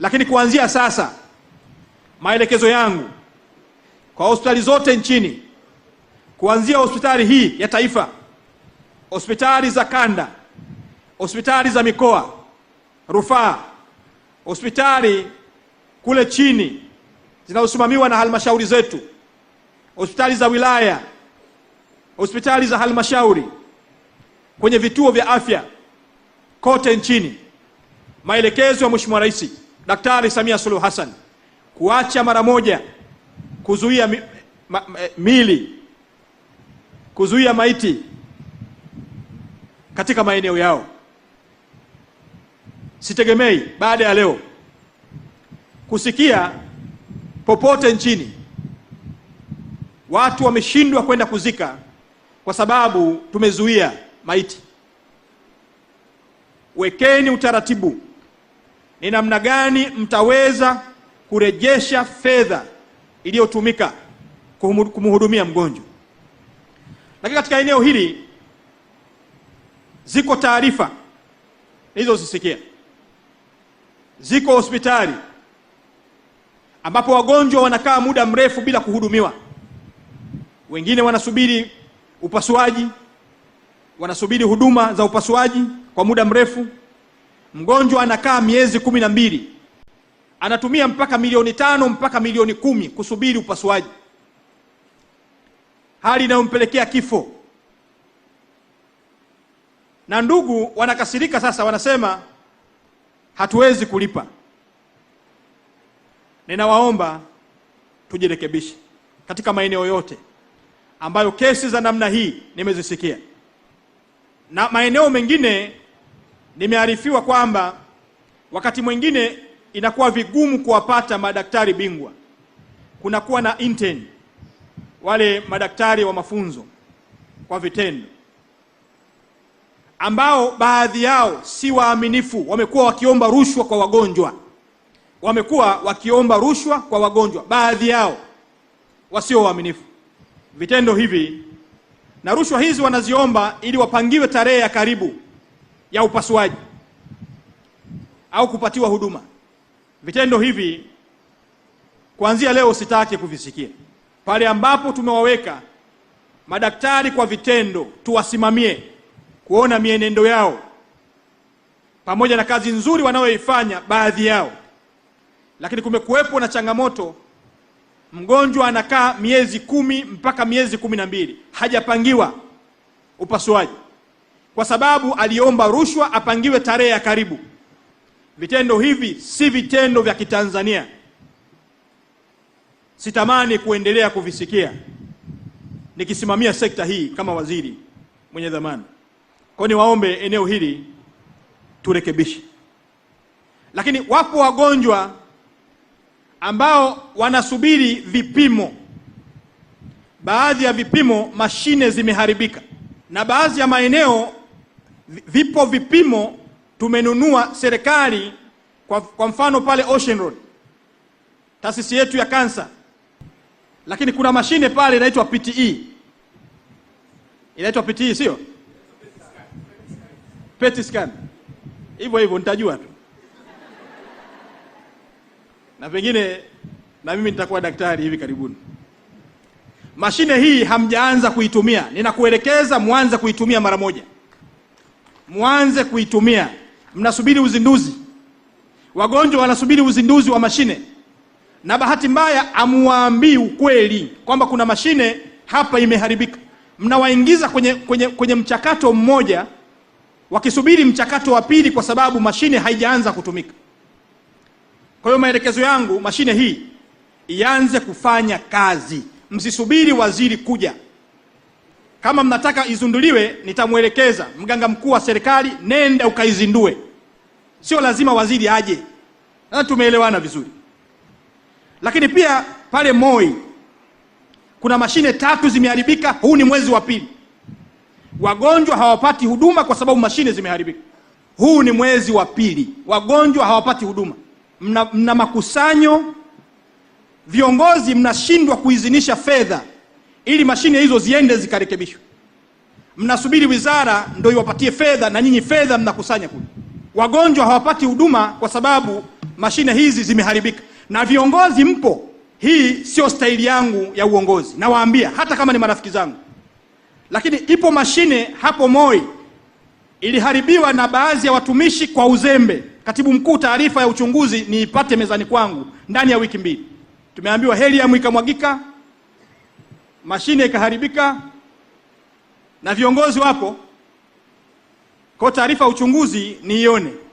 Lakini kuanzia sasa, maelekezo yangu kwa hospitali zote nchini, kuanzia hospitali hii ya taifa, hospitali za kanda, hospitali za mikoa, rufaa, hospitali kule chini zinazosimamiwa na halmashauri zetu, hospitali za wilaya, hospitali za halmashauri, kwenye vituo vya afya kote nchini, maelekezo ya Mheshimiwa Rais Daktari Samia Suluhu Hassan kuacha mara moja kuzuia mi, ma, eh, mili kuzuia maiti katika maeneo yao. Sitegemei baada ya leo kusikia popote nchini watu wameshindwa kwenda kuzika kwa sababu tumezuia maiti. Wekeni utaratibu ni namna gani mtaweza kurejesha fedha iliyotumika kumhudumia mgonjwa. Lakini katika eneo hili ziko taarifa nilizozisikia, ziko hospitali ambapo wagonjwa wanakaa muda mrefu bila kuhudumiwa, wengine wanasubiri upasuaji, wanasubiri huduma za upasuaji kwa muda mrefu mgonjwa anakaa miezi kumi na mbili anatumia mpaka milioni tano mpaka milioni kumi kusubiri upasuaji, hali inayompelekea kifo. Na ndugu wanakasirika sasa, wanasema hatuwezi kulipa. Ninawaomba tujirekebishe katika maeneo yote ambayo kesi za namna hii nimezisikia, na maeneo mengine Nimearifiwa kwamba wakati mwingine inakuwa vigumu kuwapata madaktari bingwa, kunakuwa na intern, wale madaktari wa mafunzo kwa vitendo, ambao baadhi yao si waaminifu, wamekuwa wakiomba rushwa kwa wagonjwa, wamekuwa wakiomba rushwa kwa wagonjwa, baadhi yao wasio waaminifu. Vitendo hivi na rushwa hizi wanaziomba ili wapangiwe tarehe ya karibu ya upasuaji au kupatiwa huduma. Vitendo hivi kuanzia leo sitaki kuvisikia. Pale ambapo tumewaweka madaktari kwa vitendo, tuwasimamie kuona mienendo yao pamoja na kazi nzuri wanayoifanya baadhi yao, lakini kumekuwepo na changamoto. Mgonjwa anakaa miezi kumi mpaka miezi kumi na mbili hajapangiwa upasuaji kwa sababu aliomba rushwa apangiwe tarehe ya karibu. Vitendo hivi si vitendo vya Kitanzania, sitamani kuendelea kuvisikia nikisimamia sekta hii kama waziri mwenye dhamana. Kwa ni waombe eneo hili turekebishe, lakini wapo wagonjwa ambao wanasubiri vipimo. Baadhi ya vipimo mashine zimeharibika, na baadhi ya maeneo vipo vipimo tumenunua serikali kwa, kwa mfano pale Ocean Road taasisi yetu ya kansa, lakini kuna mashine pale inaitwa PTE, inaitwa PTE sio PET e scan, hivyo hivyo nitajua tu na pengine na mimi nitakuwa daktari hivi karibuni. Mashine hii hamjaanza kuitumia, ninakuelekeza mwanze kuitumia mara moja mwanze kuitumia. Mnasubiri uzinduzi, wagonjwa wanasubiri uzinduzi wa mashine, na bahati mbaya amuwaambii ukweli kwamba kuna mashine hapa imeharibika. Mnawaingiza kwenye, kwenye, kwenye mchakato mmoja wakisubiri mchakato wa pili, kwa sababu mashine haijaanza kutumika. Kwa hiyo maelekezo yangu, mashine hii ianze kufanya kazi, msisubiri waziri kuja. Kama mnataka izunduliwe nitamwelekeza mganga mkuu wa serikali, nenda ukaizindue, sio lazima waziri aje. Na tumeelewana vizuri. Lakini pia pale Moi kuna mashine tatu zimeharibika, huu ni mwezi wa pili, wagonjwa hawapati huduma kwa sababu mashine zimeharibika. Huu ni mwezi wa pili, wagonjwa hawapati huduma. Mna, mna makusanyo, viongozi mnashindwa kuizinisha fedha ili mashine hizo ziende zikarekebishwe. Mnasubiri wizara ndio iwapatie fedha, na nyinyi fedha mnakusanya kule. Wagonjwa hawapati huduma kwa sababu mashine hizi zimeharibika, na viongozi mpo. Hii sio staili yangu ya uongozi, nawaambia hata kama ni marafiki zangu. Lakini ipo mashine hapo Moi iliharibiwa na baadhi ya watumishi kwa uzembe. Katibu mkuu, taarifa ya uchunguzi niipate mezani kwangu ndani ya wiki mbili. Tumeambiwa heli ya mashine ikaharibika na viongozi wapo Kwa taarifa ya uchunguzi niione.